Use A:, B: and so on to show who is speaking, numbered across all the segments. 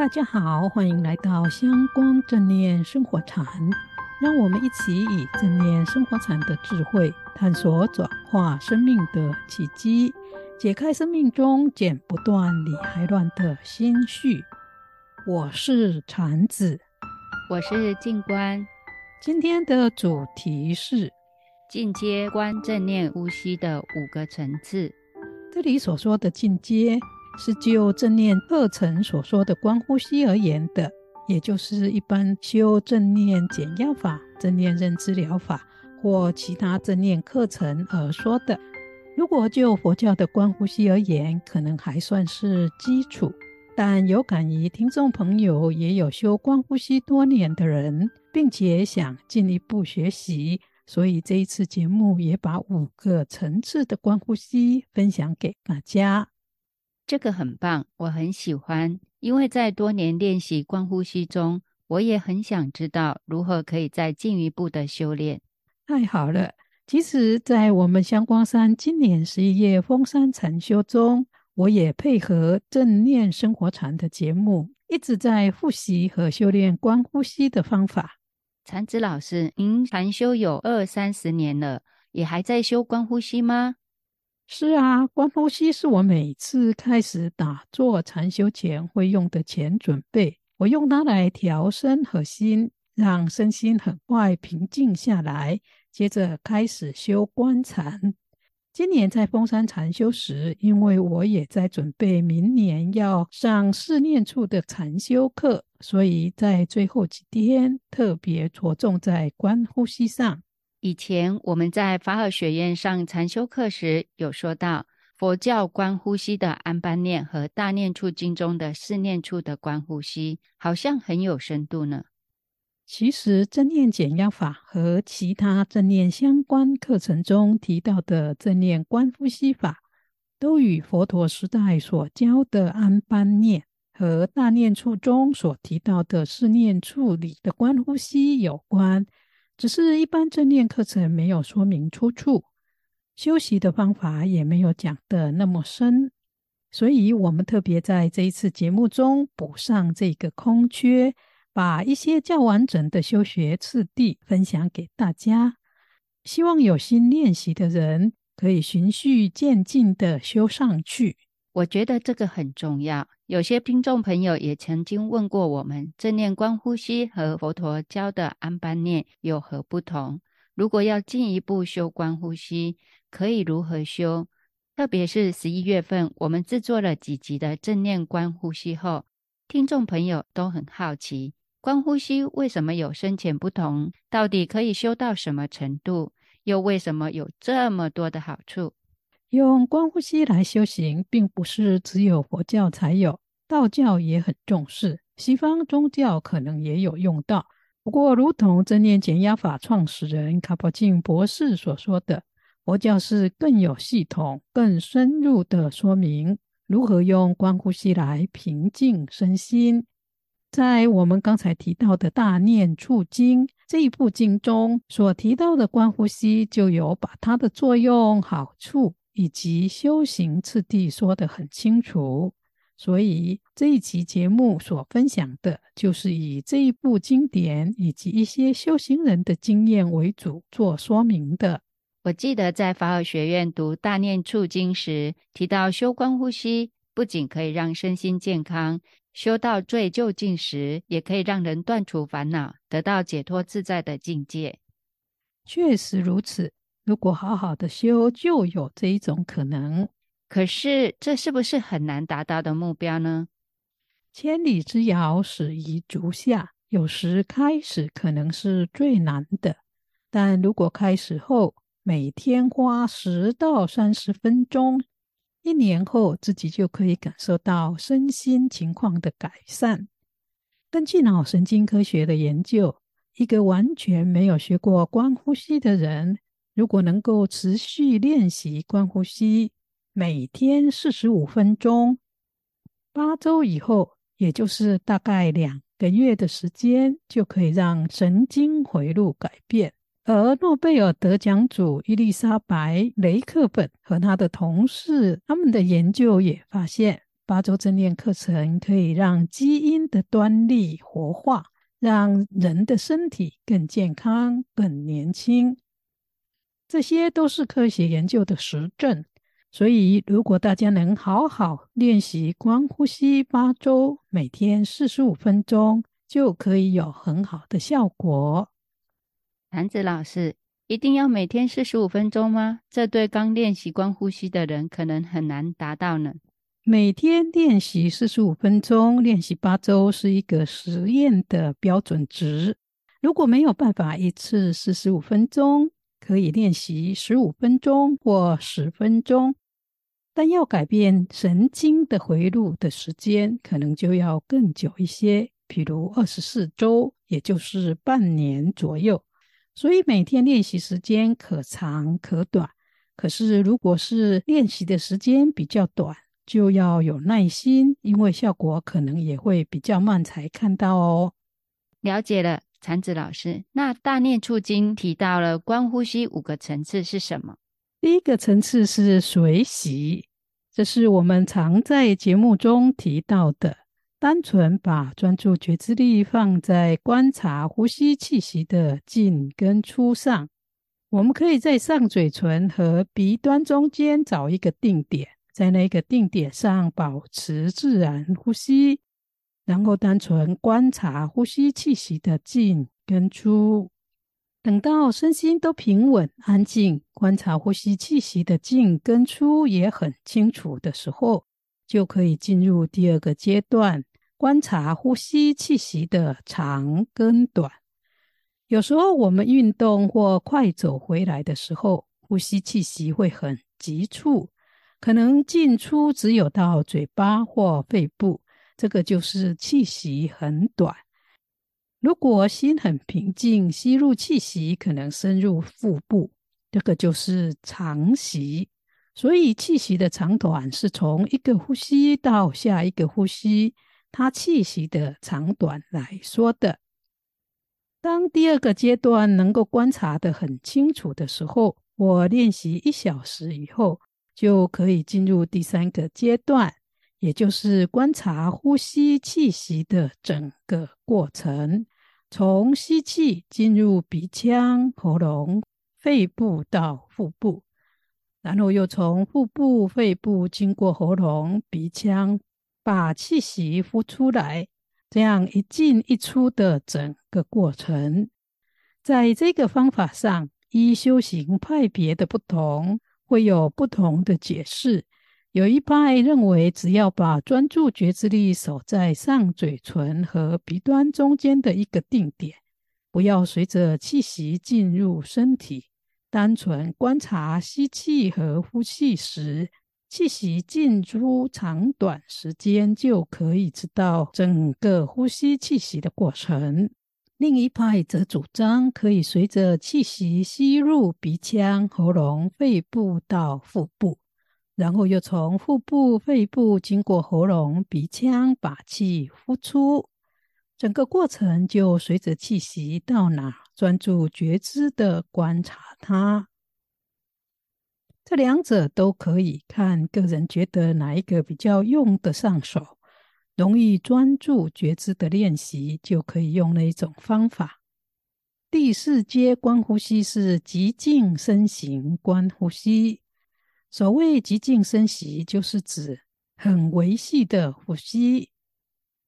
A: 大家好，歡迎來到香光正念生活禪，讓我們一起以正念生活禪的智慧，探索轉化生命的契機，解開生命中剪不斷理還亂的心緒。我是禪子，我是
B: 靜觀。今天的主題是進階觀正念呼吸的五個層次。這裡所說的進階。是就
A: 正念課程所說的觀呼吸而言的，也就是一般修正念減壓法、正念認知療法或其他正念課程而說的。如果就佛教的觀呼吸而言，可能還算是基礎。但有感於聽眾朋友也有修觀呼吸多年的人，並且想進一步學習，所以這一次節目也把五
B: 個層次的觀呼吸分享給大家。這個很棒，我很喜歡，因為在多年練習觀呼吸中，我也很想知道如何可以再進一步的修煉。太
A: 好了，其實，在我們香光山今年十一月封山禪修中，我也配合正念生活禪的節目，一直在復習和修煉觀呼吸的方
B: 法。禪子老師，您禪修有二三十年了，也還在修觀呼吸嗎？是啊，觀呼吸是我每次開始打
A: 坐禪修前會用的前準備。我用它來調身和心，讓身心很快平靜下來，接着開始修觀禪。今年在峰山禪修時，因為我也在準備明年要上四念處的禪修課，所以在最後幾天
B: 特別着重在觀呼吸上。以前我們在法爾學院上禪修課時，有說到佛教觀呼吸的安般念和大念處經中的四念處的觀呼吸，好像很有深度呢。其實正念減壓法
A: 和其他正念相關課程中提到的正念觀呼吸法，都與佛陀時代所教的安般念和大念處中所提到的四念處裡的觀呼吸有關。只是一般正念課程沒有說明出處，修習的方法也沒有講的那麼深，所以我們特別在這一次節目中補上這個空缺，把一些較完整的修學次第，分享給大家，希望有心練習的
B: 人，可以循序漸進的修上去。我覺得這個很重要。有些聽眾朋友也曾經問過我們，正念觀呼吸和佛陀教的安般念有何不同？如果要進一步修觀呼吸，可以如何修？特別是十一月份，我們制作了幾集的正念觀呼吸後，聽眾朋友都很好奇，觀呼吸為什麼有深淺不同？到底可以修到什麼程度？又為什麼有這麼多的好處？
A: 用觀呼吸來修行，並不是只有佛教才有，道教也很重視，西方宗教可能也有用到。不過，如同正念減壓法創始人卡巴金博士所說的，佛教是更有系統、更深入的說明如何用觀呼吸來平靜身心。在我們剛才提到的大念處經這一部經中，所提到的觀呼吸就有把它的作用好處以及修行次第說得很清楚，所以這一期節目所分享的，就是以這一部經典以及一些修行人的經驗為主做說明的。
B: 我記得在法爾學院讀大念處經時，提到修觀呼吸，不僅可以讓身心健康，修到最究竟時，也可以讓人斷除煩惱，得到解脫自在的境界。經境界確實如此。如果好好的修，就有這一種可能。可是，這是不是很難達到的目
A: 標呢？千里之遙，始於足下。有時開始可能是最難的，但如果開始後，每天花十到三十分鐘，一年後自己就可以感受到身心情況的改善。根據腦神經科學的研究，一個完全沒有學過觀呼吸的人。如果能夠持續練習觀呼吸，每天四十五分鐘，八週以後，也就是大概兩個月的時間，就可以讓神經回路改變。而諾貝爾得獎主伊麗莎白·雷克本和他的同事，他們的研究也發現，八週正念課程可以讓基因的端粒活化，讓人的身體更健康、更年輕。這些都是科學研究的實證，所以如果大家能好好練習觀呼吸八週，每天四十五分鐘，就可以有很好的效果。
B: 蘭子老師，一定要每天四十五分鐘嗎？這對剛練習觀呼吸的人可能很難達到呢。
A: 每天練習四十五分鐘，練習八週是一個實驗的標準值。如果沒有辦法一次四十五分鐘，可以練習十五分鐘或十分鐘，但要改變神經的回路的時間，可能就要更久一些，比如二十四周，也就是半年左右。所以每天練習時間可長可短，可是如果是練習的時間比較短，就要有耐心，
B: 因為效果可能也會比較慢才看到哦。了解了。禪子老師，那大念處經提到了觀呼吸五個層次是什麼？
A: 第一個層次是隨息，這是我們常在節目中提到的，單純把專注覺知力放在觀察呼吸氣息的進跟出上。我們可以在上嘴唇和鼻端中間找一個定點，在那個定點上保持自然呼吸。然後單純觀察呼吸氣息的進跟出，等到身心都平穩安靜，觀察呼吸氣息的進跟出也很清楚的時候，就可以進入第二個階段，觀察呼吸氣息的長跟短。有時候我們運動或快走回來的時候，呼吸氣息會很急促，可能進出只有到嘴巴或肺部。這個就是氣息很短。如果心很平靜，吸入氣息可能深入腹部，這個就是長息。所以氣息的長短是從一個呼吸到下一個呼吸，它氣息的長短來說的。當第二個階段能夠觀察得很清楚的時候，我練習一小時以後，就可以進入第三個階段。也就是觀察呼吸氣息的整個過程，從吸氣進入鼻腔、喉嚨、肺部到腹部，然後又從腹部、肺部經過喉嚨、鼻腔把氣息呼出來，這樣一進一出的整個過程，在這個方法上，依修行派別的不同，會有不同的解釋。有一派認為，只要把專注覺知力守在上嘴唇和鼻端中間的一個定點，不要隨着氣息進入身體，單純觀察吸氣和呼氣時氣息進出長短時間，就可以知道整個呼吸氣息的過程。另一派則主張，可以隨着氣息吸入鼻腔、喉嚨、肺部到腹部。然後又從腹部、肺部經過喉嚨、鼻腔，把氣呼出。整個過程就隨着氣息到哪，專注覺知的觀察它。這兩者都可以，看個人覺得哪一個比較用得上手，容易專注覺知的練習，就可以用那一種方法。第四階觀呼吸是極靜身形觀呼吸。所謂極靜升息，就是指很微細的呼吸。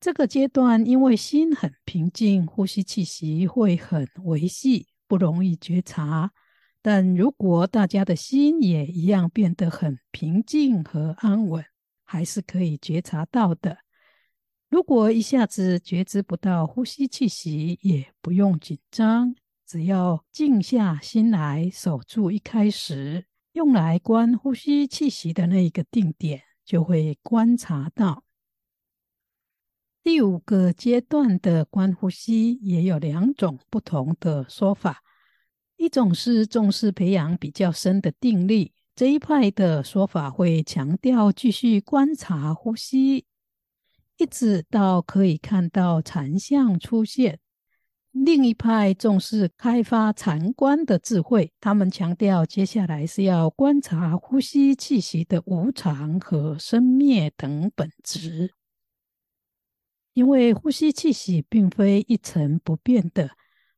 A: 這個階段，因為心很平靜，呼吸氣息會很微細，不容易覺察。但如果大家的心也一樣變得很平靜和安穩，還是可以覺察到的。如果一下子覺知不到呼吸氣息，也不用緊張，只要靜下心來，守住一開始。用來觀呼吸氣息的那一個定點，就會觀察到。第五個階段的觀呼吸，也有兩種不同的說法。一種是重視培養比較深的定力，這一派的說法會強調繼續觀察呼吸，一直到可以看到禪相出現。另一派重視開發禪觀的智慧，他們強調接下來是要觀察呼吸氣息的無常和生滅等本質。因為呼吸氣息並非一成不變的，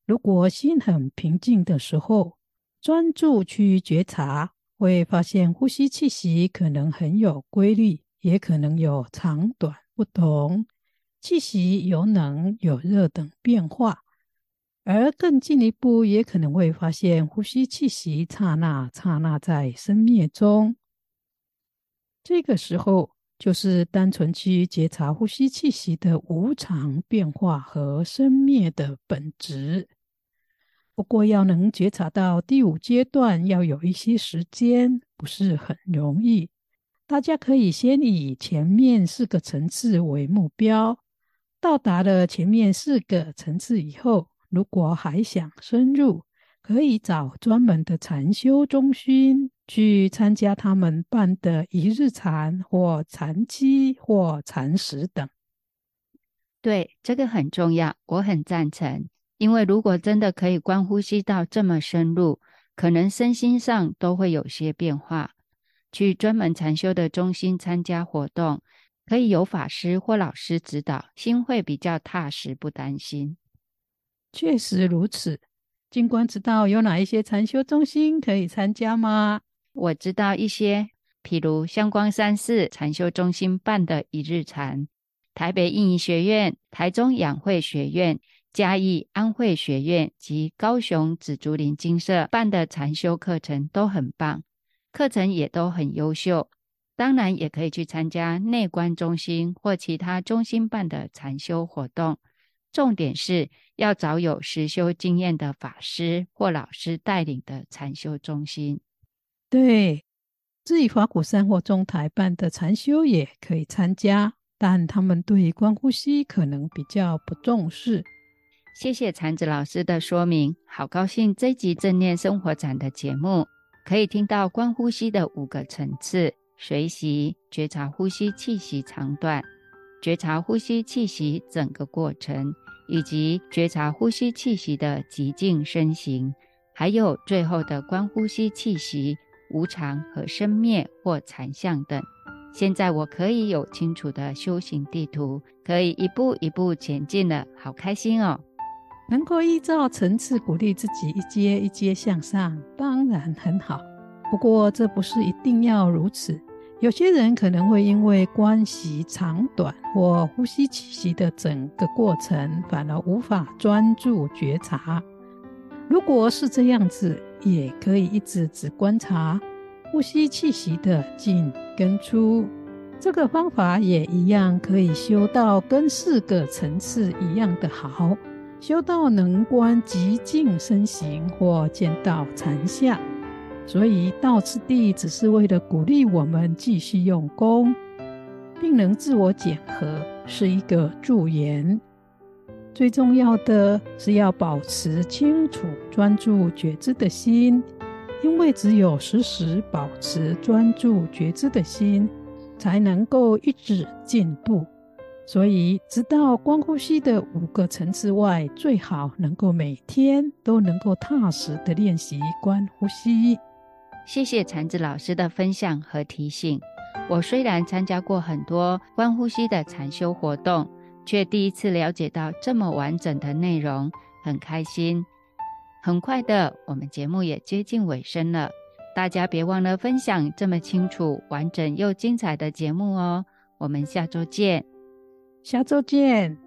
A: 如果心很平靜的時候，專注去覺察，會發現呼吸氣息可能很有規律，也可能有長短不同，氣息有冷有熱等變化。而更進一步，也可能會發現呼吸氣息剎那剎那在生滅中。這個時候，就是單純去覺察呼吸氣息的無常變化和生滅的本質。不過，要能覺察到第五階段，要有一些時間，不是很容易。大家可以先以前面四個層次為目標，到達了前面四個層次以後，如果還想深入，可以找專門的禪修中心去參加他們辦的一日禪、或禪七或禪十等。
B: 對，這個很重要，我很贊成。因為如果真的可以觀呼吸到這麼深入，可能身心上都會有些變化。去專門禪修的中心參加活動，可以有法師或老師指導，心會比較踏實，不擔心。確實如此，靜觀，知道有哪一些禪修中心可以參加嗎？我知道一些，譬如香光山寺禪修中心辦的一日禪、台北印儀學苑、台中養慧學苑、嘉義安慧學苑及高雄紫竹林精舍辦的禪修課程都很棒，課程也都很優秀。當然，也可以去參加內觀中心或其他中心辦的禪修活動。重點是要找有實修經驗的法師或老師帶領的禪修中心。對，
A: 至於法鼓山或中台辦的禪修也可以參加，但他們對於觀呼吸可能比
B: 較不重視。謝謝禪子老師的說明，好高興這一集正念生活禪的節目可以聽到觀呼吸的五個層次，學習覺察呼吸氣息長短。覺察呼吸氣息整個過程，以及覺察呼吸氣息的寂靜身行，還有最後的觀呼吸氣息無常和生滅或殘相等。現在我可以有清楚的修行地圖，可以一步一步前進了，好開心哦！能夠依照層次鼓勵自己，一階一階向上，當然很好。不過這
A: 不是一定要如此。有些人可能會因為觀息長短或呼吸氣息的整個過程，反而無法專注覺察。如果是這樣子，也可以一直只觀察呼吸氣息的進跟出。這個方法也一樣，可以修到跟四個層次一樣的好，修到能觀極靜身形或見到禪相。所以道次第只是為了鼓勵我們繼續用功，並能自我檢核，是一個助緣，最重要的是要保持清楚、專注、覺知的心，因為只有時時保持專注、覺知的心，才能夠一直進步。所以，知道觀呼吸的五個層次外，最好能夠每天都能夠踏實地練習觀呼吸。
B: 謝謝禪子老師的分享和提醒。我雖然參加過很多觀呼吸的禪修活動，卻第一次了解到這麼完整的內容，很開心。很快的，我們節目也接近尾聲了，大家別忘了分享這麼清楚、完整又精彩的節目哦。我們下周見，下周見。